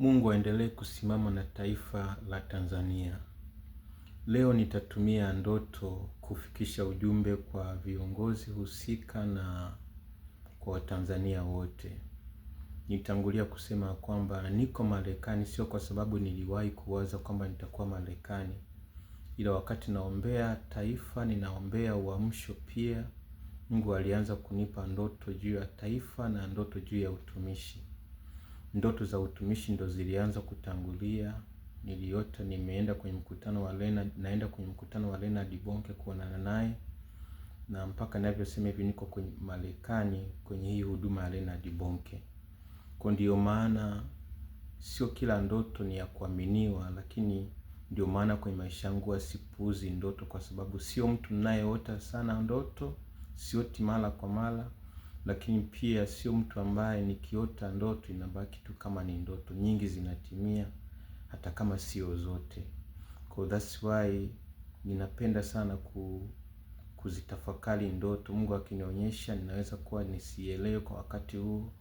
Mungu aendelee kusimama na taifa la Tanzania. Leo nitatumia ndoto kufikisha ujumbe kwa viongozi husika na kwa Watanzania wote. Nitangulia kusema kwamba niko Marekani sio kwa sababu niliwahi kuwaza kwamba nitakuwa Marekani, ila wakati naombea taifa, ninaombea uamsho pia, Mungu alianza kunipa ndoto juu ya taifa na ndoto juu ya utumishi. Ndoto za utumishi ndo zilianza kutangulia. Niliota nimeenda kwenye mkutano wa Lena, naenda kwenye mkutano wa Lena Dibonke kuonana naye, na mpaka navyosema hivi niko kwenye Marekani kwenye hii huduma ya Lena Dibonke. Kwa ndio maana sio kila ndoto ni ya kuaminiwa, lakini ndio maana kwenye maisha yangu asipuuzi ndoto, kwa sababu sio mtu ninayeota sana ndoto, sioti mara kwa mara, lakini pia sio mtu ambaye nikiota ndoto inabaki tu kama ni ndoto, nyingi zinatimia hata kama sio zote. Kwa that's why ninapenda sana kuzitafakari ndoto. Mungu akinionyesha ninaweza kuwa nisielewe kwa wakati huu,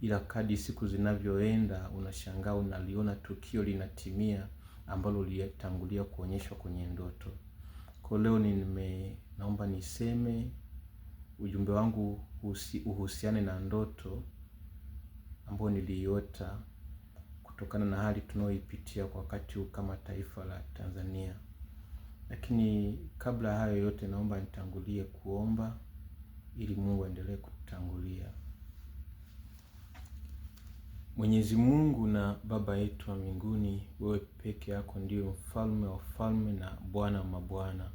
ila kadi siku zinavyoenda unashangaa unaliona tukio linatimia ambalo lilitangulia kuonyeshwa kwenye ndoto. Kwa leo ni nime naomba niseme ujumbe wangu uhusiane na ndoto ambayo niliota kutokana na hali tunayoipitia kwa wakati huu kama taifa la Tanzania. Lakini kabla hayo yote naomba nitangulie kuomba ili Mungu aendelee kututangulia. Mwenyezi Mungu na Baba yetu wa mbinguni, wewe peke yako ndio mfalme wa falme na Bwana wa mabwana.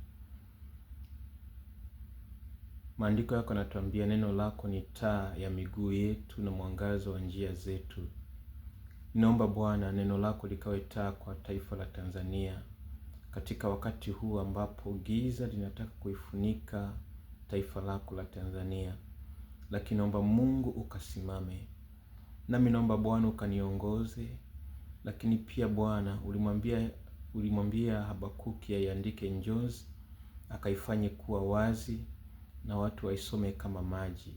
Maandiko yako yanatuambia neno lako ni taa ya miguu yetu na mwangazo wa njia zetu. Ninaomba Bwana, neno lako likawe taa kwa taifa la Tanzania katika wakati huu ambapo giza linataka kuifunika taifa lako la Tanzania, lakini naomba Mungu ukasimame nami, naomba Bwana ukaniongoze. Lakini pia Bwana, ulimwambia ulimwambia Habakuki aiandike njozi akaifanye kuwa wazi na watu waisome kama maji.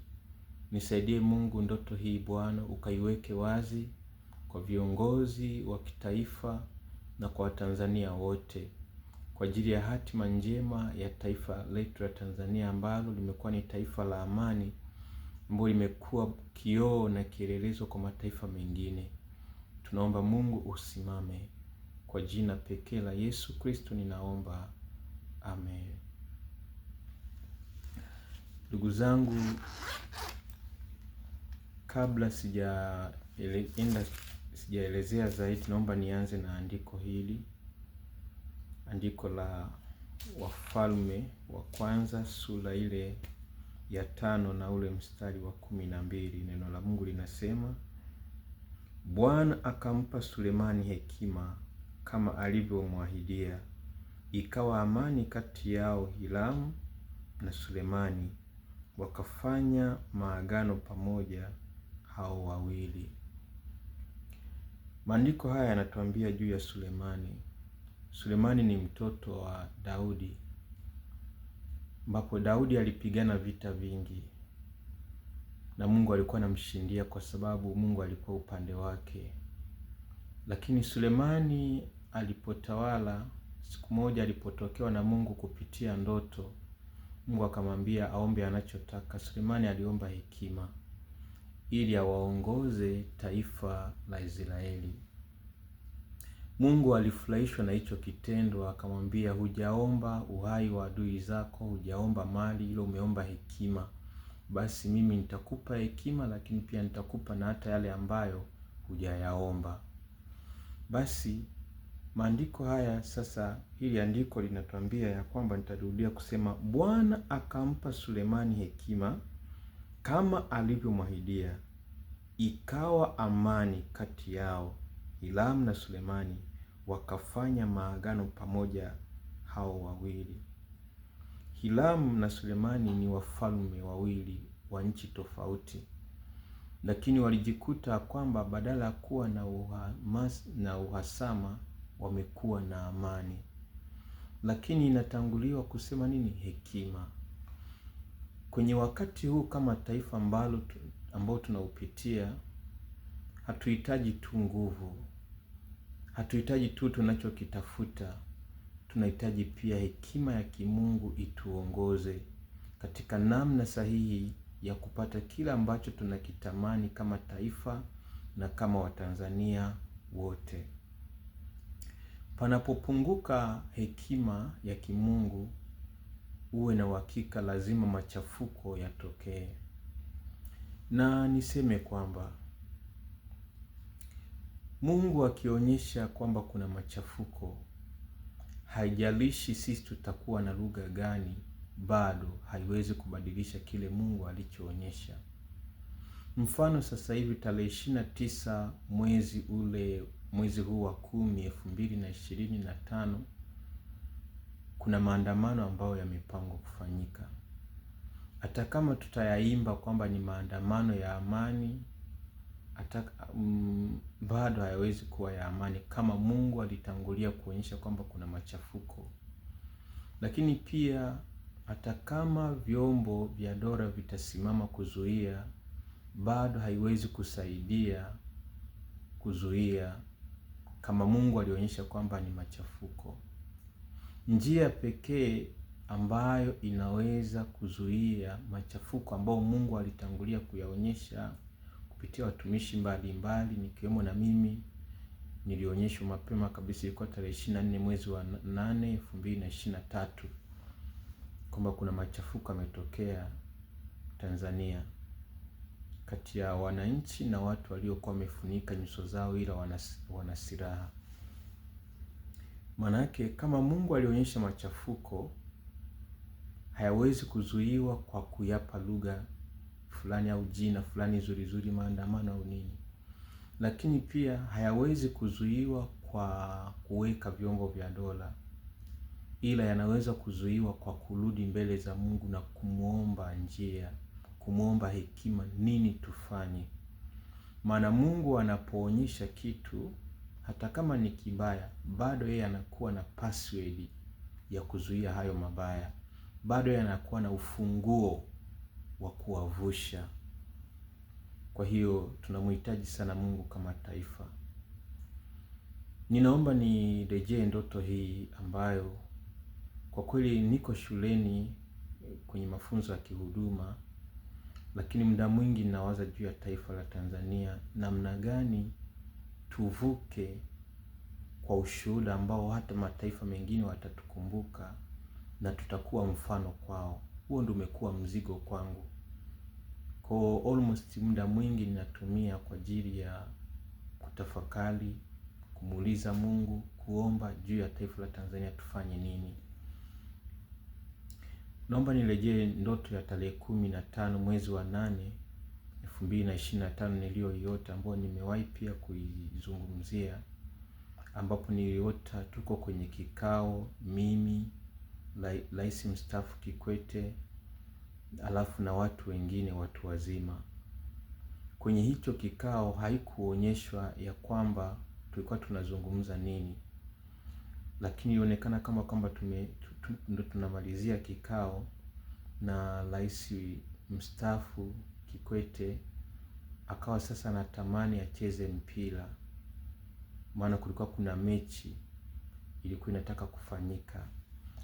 Nisaidie Mungu ndoto hii Bwana, ukaiweke wazi kwa viongozi wa kitaifa na kwa Watanzania wote kwa ajili ya hatima njema ya taifa letu la Tanzania ambalo limekuwa ni taifa la amani ambalo limekuwa kioo na kielelezo kwa mataifa mengine. Tunaomba Mungu usimame. Kwa jina pekee la Yesu Kristo ninaomba, amen. Ndugu zangu, kabla sijaenda sijaelezea zaidi, naomba nianze na andiko hili, andiko la Wafalme wa Kwanza sura ile ya tano na ule mstari wa kumi na mbili. Neno la Mungu linasema, Bwana akampa Sulemani hekima kama alivyomwahidia, ikawa amani kati yao Hiramu na Sulemani wakafanya maagano pamoja hao wawili. Maandiko haya yanatuambia juu ya Sulemani. Sulemani ni mtoto wa Daudi, ambapo Daudi alipigana vita vingi na Mungu alikuwa anamshindia kwa sababu Mungu alikuwa upande wake. Lakini Sulemani alipotawala, siku moja alipotokewa na Mungu kupitia ndoto Mungu akamwambia aombe anachotaka. Sulemani aliomba hekima ili awaongoze taifa la Israeli. Mungu alifurahishwa na hicho kitendo, akamwambia hujaomba uhai wa adui zako, hujaomba mali, ila umeomba hekima. Basi mimi nitakupa hekima, lakini pia nitakupa na hata yale ambayo hujayaomba. Basi Maandiko haya sasa, hili andiko linatuambia ya kwamba, nitarudia kusema, Bwana akampa Sulemani hekima kama alivyomwahidia, ikawa amani kati yao Hiramu na Sulemani, wakafanya maagano pamoja hao wawili. Hiramu na Sulemani ni wafalme wawili wa nchi tofauti, lakini walijikuta kwamba badala ya kuwa na, uhamas, na uhasama wamekuwa na amani. Lakini inatanguliwa kusema nini? Hekima. Kwenye wakati huu kama taifa ambalo ambao tunaupitia, hatuhitaji tu nguvu, hatuhitaji tu tunachokitafuta, tunahitaji pia hekima ya kimungu ituongoze katika namna sahihi ya kupata kila ambacho tunakitamani kama taifa na kama Watanzania wote. Panapopunguka hekima ya kimungu, uwe na uhakika lazima machafuko yatokee. Na niseme kwamba Mungu akionyesha kwamba kuna machafuko, haijalishi sisi tutakuwa na lugha gani, bado haiwezi kubadilisha kile Mungu alichoonyesha. Mfano, sasa hivi tarehe ishirini na tisa mwezi ule mwezi huu wa kumi elfu mbili na ishirini na tano kuna maandamano ambayo yamepangwa kufanyika. Hata kama tutayaimba kwamba ni maandamano ya amani hata, um, bado hayawezi kuwa ya amani kama Mungu alitangulia kuonyesha kwamba kuna machafuko. Lakini pia hata kama vyombo vya dola vitasimama kuzuia, bado haiwezi kusaidia kuzuia kama Mungu alionyesha kwamba ni machafuko. Njia pekee ambayo inaweza kuzuia machafuko ambayo Mungu alitangulia kuyaonyesha kupitia watumishi mbalimbali nikiwemo na mimi nilionyeshwa mapema kabisa, ilikuwa tarehe ishirini na nne mwezi wa nane elfu mbili na ishirini na tatu kwamba kuna machafuko yametokea Tanzania kati ya wananchi na watu waliokuwa wamefunika nyuso zao ila wana silaha. Manake kama Mungu alionyesha machafuko hayawezi kuzuiwa kwa kuyapa lugha fulani au jina fulani zuri zuri, maandamano au nini, lakini pia hayawezi kuzuiwa kwa kuweka vyombo vya dola, ila yanaweza kuzuiwa kwa kurudi mbele za Mungu na kumwomba njia kumwomba hekima, nini tufanye. Maana Mungu anapoonyesha kitu, hata kama ni kibaya, bado yeye anakuwa na password ya kuzuia hayo mabaya, bado yeye anakuwa na ufunguo wa kuwavusha. Kwa hiyo tunamhitaji sana Mungu kama taifa. Ninaomba nirejee ndoto hii ambayo kwa kweli niko shuleni kwenye mafunzo ya kihuduma lakini muda mwingi ninawaza juu ya taifa la Tanzania, namna gani tuvuke kwa ushuhuda ambao hata mataifa mengine watatukumbuka na tutakuwa mfano kwao. Huo ndio umekuwa mzigo kwangu. Kwa almost muda mwingi ninatumia kwa ajili ya kutafakari, kumuuliza Mungu, kuomba juu ya taifa la Tanzania tufanye nini. Naomba nirejee ndoto ya tarehe kumi na tano mwezi wa nane elfu mbili na ishirini na tano niliyoiota ambayo nimewahi pia kuizungumzia ambapo niliota tuko kwenye kikao mimi, Rais mstaafu Kikwete alafu na watu wengine watu wazima. Kwenye hicho kikao haikuonyeshwa ya kwamba tulikuwa tunazungumza nini, lakini ilionekana kama kwamba ndo tunamalizia kikao na rais mstaafu Kikwete akawa sasa anatamani acheze mpira, maana kulikuwa kuna mechi ilikuwa inataka kufanyika,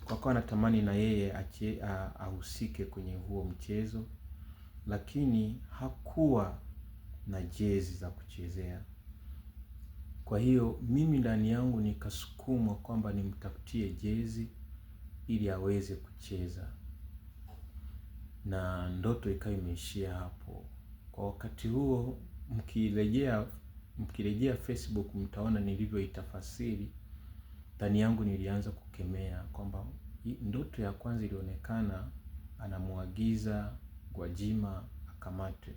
kwa akawa anatamani na yeye ahusike kwenye huo mchezo, lakini hakuwa na jezi za kuchezea. Kwa hiyo mimi ndani yangu nikasukumwa kwamba nimtafutie jezi ili aweze kucheza na ndoto ikawa imeishia hapo. Kwa wakati huo mkirejea mkirejea Facebook mtaona nilivyoitafasiri. Ndani yangu nilianza kukemea kwamba ndoto ya kwanza ilionekana anamuagiza Gwajima akamatwe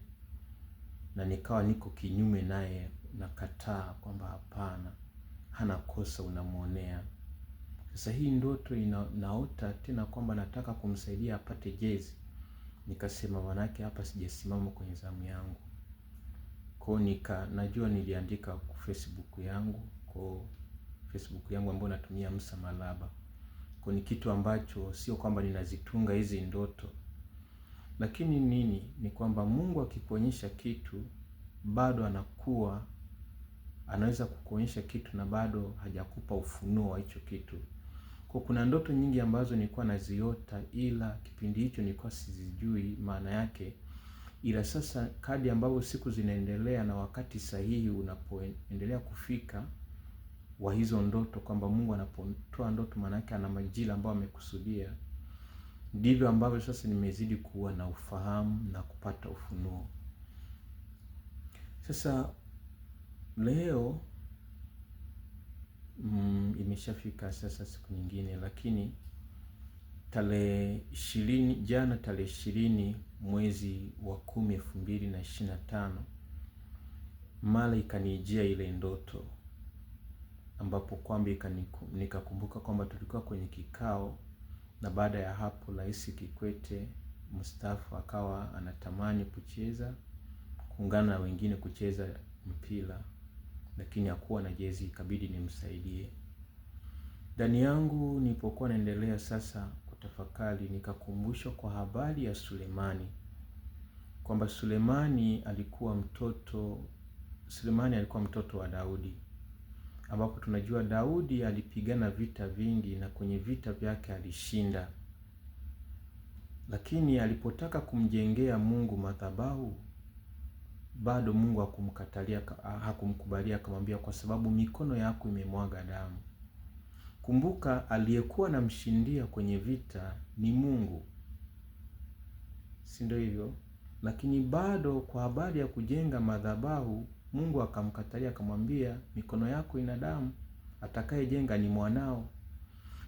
na nikawa niko kinyume naye nakataa kwamba hapana, hana kosa, unamwonea. Sasa hii ndoto inaota tena kwamba nataka kumsaidia apate jezi, nikasema manake hapa sijasimama kwenye zamu yangu ko Nika najua niliandika kwa Facebook yangu ko Facebook yangu ambayo natumia Musa Malaba ko ni kitu ambacho sio kwamba ninazitunga hizi ndoto, lakini nini, ni kwamba Mungu akikuonyesha kitu bado anakuwa anaweza kukuonyesha kitu na bado hajakupa ufunuo wa hicho kitu. Kwa kuna ndoto nyingi ambazo nilikuwa naziota ila kipindi hicho nilikuwa sizijui maana yake. Ila sasa kadi ambavyo siku zinaendelea na wakati sahihi unapoendelea kufika wa hizo ndoto kwamba Mungu anapotoa ndoto maana yake ana majira ambayo amekusudia. Ndivyo ambavyo sasa nimezidi kuwa na ufahamu na kupata ufunuo. Sasa Leo mm, imeshafika sasa siku nyingine, lakini tarehe ishirini jana tarehe ishirini mwezi wa kumi elfu mbili na ishirini na tano mara ikanijia ile ndoto ambapo kwamba nikakumbuka kwamba tulikuwa kwenye kikao, na baada ya hapo Rais Kikwete mstaafu akawa anatamani kucheza kuungana na wengine kucheza mpira lakini hakuwa na jezi, ikabidi nimsaidie. Ndani yangu nilipokuwa naendelea sasa kutafakari, nikakumbushwa kwa habari ya Sulemani kwamba Sulemani alikuwa mtoto Sulemani alikuwa mtoto wa Daudi, ambapo tunajua Daudi alipigana vita vingi na kwenye vita vyake alishinda, lakini alipotaka kumjengea Mungu madhabahu bado Mungu hakumkatalia, hakumkubalia, akamwambia kwa sababu mikono yako imemwaga damu. Kumbuka, aliyekuwa namshindia kwenye vita ni Mungu, si ndio hivyo? Lakini bado kwa habari ya kujenga madhabahu Mungu akamkatalia, akamwambia mikono yako ina damu, atakayejenga ni mwanao.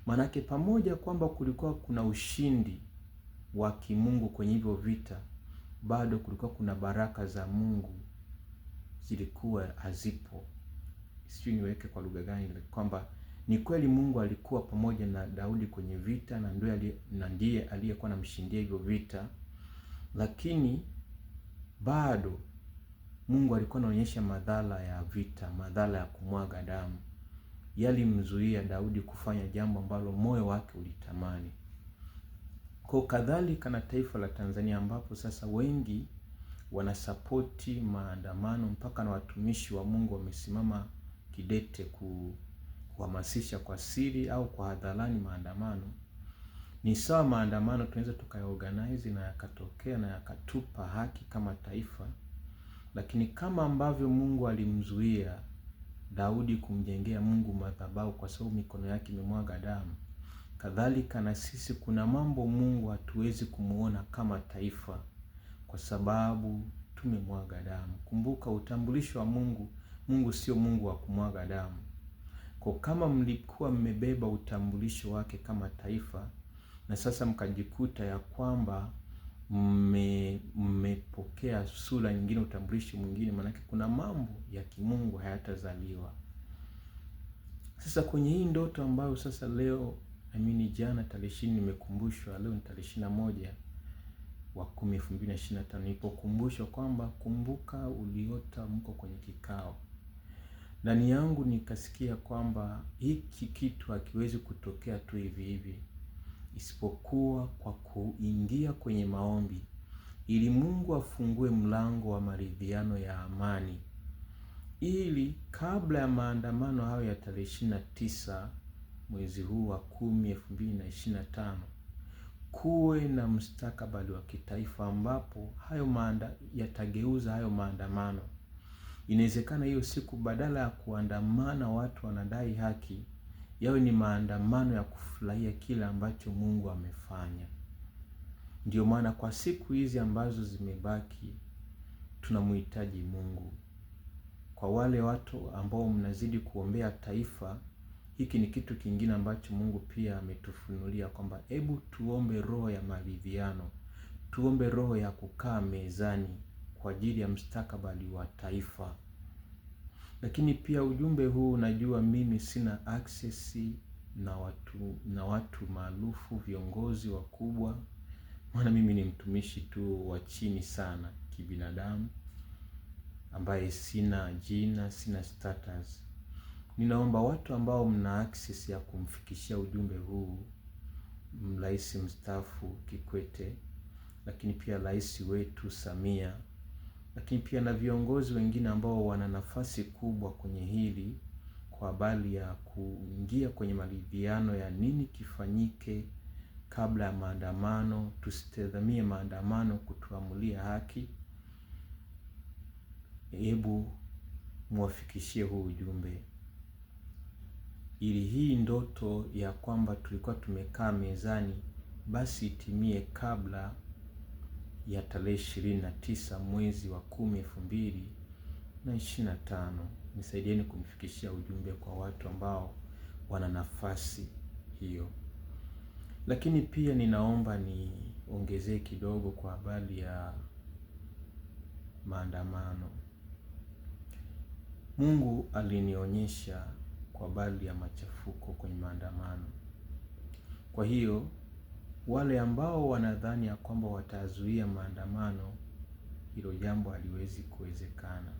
Manake pamoja kwamba kulikuwa kuna ushindi wa kimungu kwenye hivyo vita, bado kulikuwa kuna baraka za Mungu zilikuwa hazipo. Sijui niweke kwa lugha gani, kwamba ni kweli Mungu alikuwa pamoja na Daudi kwenye vita na ndiye aliyekuwa anamshindia hivyo vita, lakini bado Mungu alikuwa anaonyesha madhara ya vita, madhara ya kumwaga damu yalimzuia Daudi kufanya jambo ambalo moyo wake ulitamani. Kwa kadhalika na taifa la Tanzania ambapo sasa wengi wanasapoti maandamano mpaka na watumishi wa Mungu wamesimama kidete kuhamasisha kwa siri au kwa hadharani maandamano. Ni sawa maandamano tunaweza tukayaorganize na yakatokea na yakatupa haki kama taifa, lakini kama ambavyo Mungu alimzuia Daudi kumjengea Mungu madhabahu kwa sababu mikono yake imemwaga damu, Kadhalika na sisi kuna mambo Mungu hatuwezi kumuona kama taifa kwa sababu tumemwaga damu. Kumbuka utambulisho wa Mungu, Mungu sio Mungu wa kumwaga damu. Kwa kama mlikuwa mmebeba utambulisho wake kama taifa na sasa mkajikuta ya kwamba mmepokea sura nyingine, utambulisho mwingine, maanake kuna mambo ya kimungu hayatazaliwa. Sasa kwenye hii ndoto ambayo sasa leo Naamini jana tarehe ishirini nimekumbushwa, leo ni tarehe ishirini na moja wa kumi elfu mbili na ishirini na tano nilipokumbushwa kwamba kumbuka uliota mko kwenye kikao. Ndani yangu nikasikia kwamba hiki kitu hakiwezi kutokea tu hivi hivi, isipokuwa kwa kuingia kwenye maombi ili Mungu afungue mlango wa maridhiano ya amani, ili kabla ya maandamano hayo ya tarehe ishirini na tisa mwezi huu wa kumi elfu mbili na ishirini na tano kuwe na mstakabali wa kitaifa ambapo hayo maanda yatageuza hayo maandamano. Inawezekana hiyo siku badala ya kuandamana watu wanadai haki, yawe ni maandamano ya kufurahia kile ambacho Mungu amefanya. Ndio maana kwa siku hizi ambazo zimebaki, tunamhitaji Mungu. Kwa wale watu ambao mnazidi kuombea taifa hiki ni kitu kingine ambacho Mungu pia ametufunulia kwamba hebu tuombe roho ya maridhiano, tuombe roho ya kukaa mezani kwa ajili ya mstakabali wa taifa. Lakini pia ujumbe huu, unajua mimi sina access na watu na watu maarufu, viongozi wakubwa, maana mimi ni mtumishi tu wa chini sana kibinadamu, ambaye sina jina, sina status Ninaomba watu ambao mna access ya kumfikishia ujumbe huu Rais mstaafu Kikwete, lakini pia rais wetu Samia, lakini pia na viongozi wengine ambao wana nafasi kubwa kwenye hili, kwa habari ya kuingia kwenye maridhiano ya nini kifanyike kabla ya maandamano. Tusitazamie maandamano kutuamulia haki. Hebu mwafikishie huu ujumbe ili hii ndoto ya kwamba tulikuwa tumekaa mezani basi itimie kabla ya tarehe ishirini na tisa mwezi wa kumi elfu mbili na ishirini na tano. Nisaidieni kumfikishia ujumbe kwa watu ambao wana nafasi hiyo. Lakini pia ninaomba niongezee kidogo kwa habari ya maandamano. Mungu alinionyesha kwa bali ya machafuko kwenye maandamano. Kwa hiyo wale ambao wanadhani ya kwamba watazuia maandamano, hilo jambo haliwezi kuwezekana,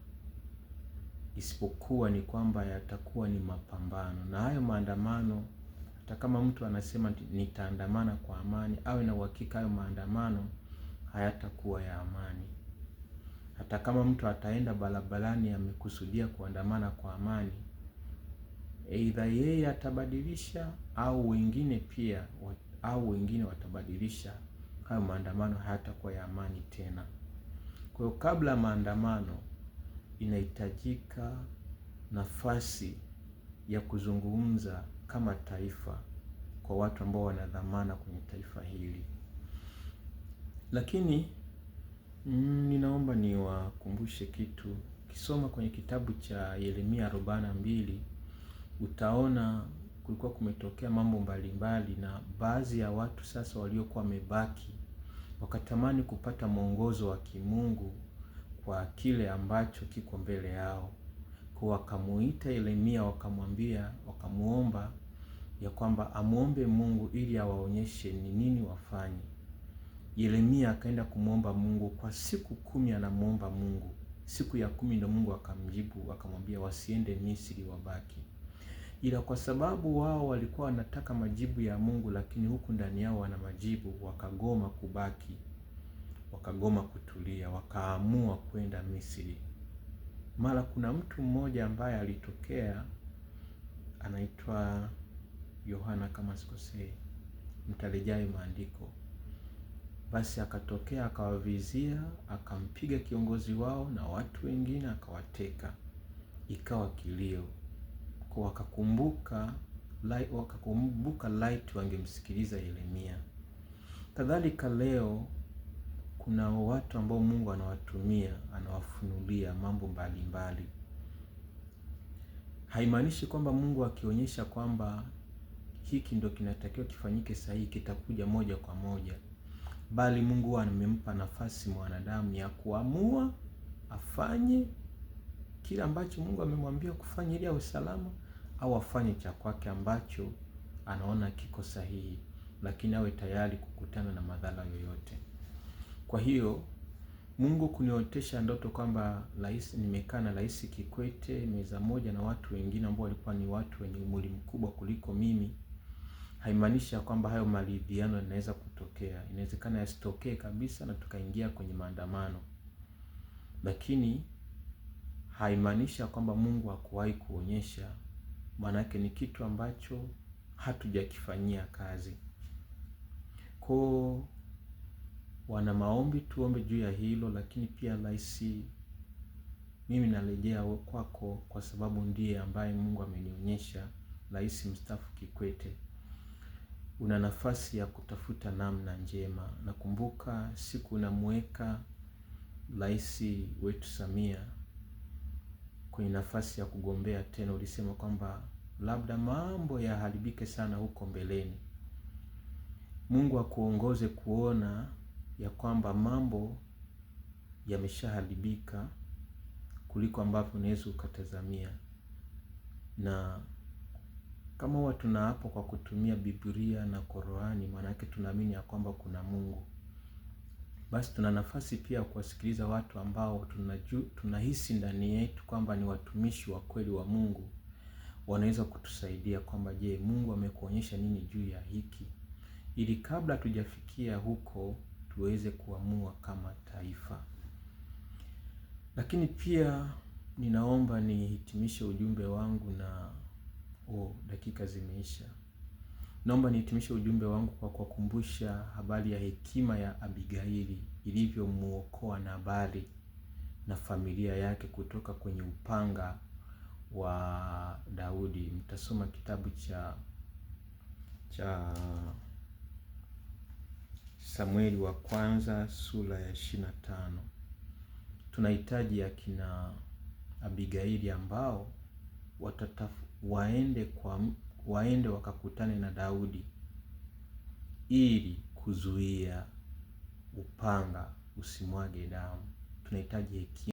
isipokuwa ni kwamba yatakuwa ni mapambano, na hayo maandamano, hata kama mtu anasema nitaandamana kwa amani, awe na uhakika hayo maandamano hayatakuwa ya amani. Hata kama mtu ataenda barabarani amekusudia kuandamana kwa amani, Aidha yeye atabadilisha au wengine pia au wengine watabadilisha, hayo maandamano hayatakuwa ya amani tena. Kwa hiyo kabla ya maandamano inahitajika nafasi ya kuzungumza kama taifa kwa watu ambao wanadhamana kwenye taifa hili. Lakini mm, ninaomba niwakumbushe kitu, kisoma kwenye kitabu cha Yeremia arobaini na mbili utaona kulikuwa kumetokea mambo mbalimbali na baadhi ya watu sasa waliokuwa wamebaki wakatamani kupata mwongozo wa kimungu kwa kile ambacho kiko mbele yao. Kwa wakamuita Yeremia, wakamwambia, wakamuomba ya kwamba amwombe Mungu ili awaonyeshe ni nini wafanye. Yeremia akaenda kumwomba Mungu kwa siku kumi, anamwomba Mungu. Siku ya kumi ndo Mungu akamjibu akamwambia, wasiende Misri, wabaki ila kwa sababu wao walikuwa wanataka majibu ya Mungu, lakini huku ndani yao wana majibu, wakagoma kubaki, wakagoma kutulia, wakaamua kwenda Misri. Mara kuna mtu mmoja ambaye alitokea anaitwa Yohana kama sikosei, mtarejai maandiko. Basi akatokea akawavizia, akampiga kiongozi wao na watu wengine akawateka, ikawa kilio wakakumbuka wakakumbuka light wangemsikiliza Yeremia. Kadhalika leo kuna watu ambao Mungu anawatumia, anawafunulia mambo mbalimbali. Haimaanishi kwamba Mungu akionyesha kwamba hiki ndo kinatakiwa kifanyike sahihi, kitakuja moja kwa moja, bali Mungu amempa nafasi mwanadamu ya kuamua afanye kile ambacho Mungu amemwambia kufanya ili awe salama au afanye cha kwake ambacho anaona kiko sahihi, lakini awe tayari kukutana na madhara yoyote. Kwa hiyo Mungu kuniotesha ndoto kwamba rais, nimekaa na Rais Kikwete meza moja na watu wengine ambao walikuwa ni watu wenye umri mkubwa kuliko mimi, haimaanishi kwamba hayo maridhiano yanaweza kutokea. Inawezekana yasitokee kabisa na tukaingia kwenye maandamano, lakini haimaanishi kwamba Mungu hakuwahi kuonyesha maanake ni kitu ambacho hatujakifanyia kazi. ko wana maombi, tuombe juu ya hilo, lakini pia laisi, mimi narejea kwako kwa sababu ndiye ambaye Mungu amenionyesha Rais mstaafu Kikwete, una nafasi ya kutafuta namna njema. Nakumbuka siku unamweka rais wetu Samia kwenye nafasi ya kugombea tena, ulisema kwamba labda mambo yaharibike sana huko mbeleni. Mungu akuongoze kuona ya kwamba mambo yameshaharibika kuliko ambavyo unaweza ukatazamia. Na kama huwa tunaapa kwa kutumia Biblia na Qur'ani, maana yake tunaamini ya kwamba kuna Mungu basi tuna nafasi pia ya kuwasikiliza watu ambao tunaju, tunahisi ndani yetu kwamba ni watumishi wa kweli wa Mungu, wanaweza kutusaidia kwamba, je, Mungu amekuonyesha nini juu ya hiki, ili kabla tujafikia huko tuweze kuamua kama taifa. Lakini pia ninaomba nihitimishe ujumbe wangu na oh, dakika zimeisha. Naomba nihitimishe ujumbe wangu kwa kuwakumbusha habari ya hekima ya Abigaili ilivyomwokoa Nabali na familia yake kutoka kwenye upanga wa Daudi. Mtasoma kitabu cha cha Samueli wa kwanza sura ya ishirini na tano. Tunahitaji akina Abigaili ambao waende kwa waende wakakutane na Daudi ili kuzuia upanga usimwage damu. Tunahitaji hekima.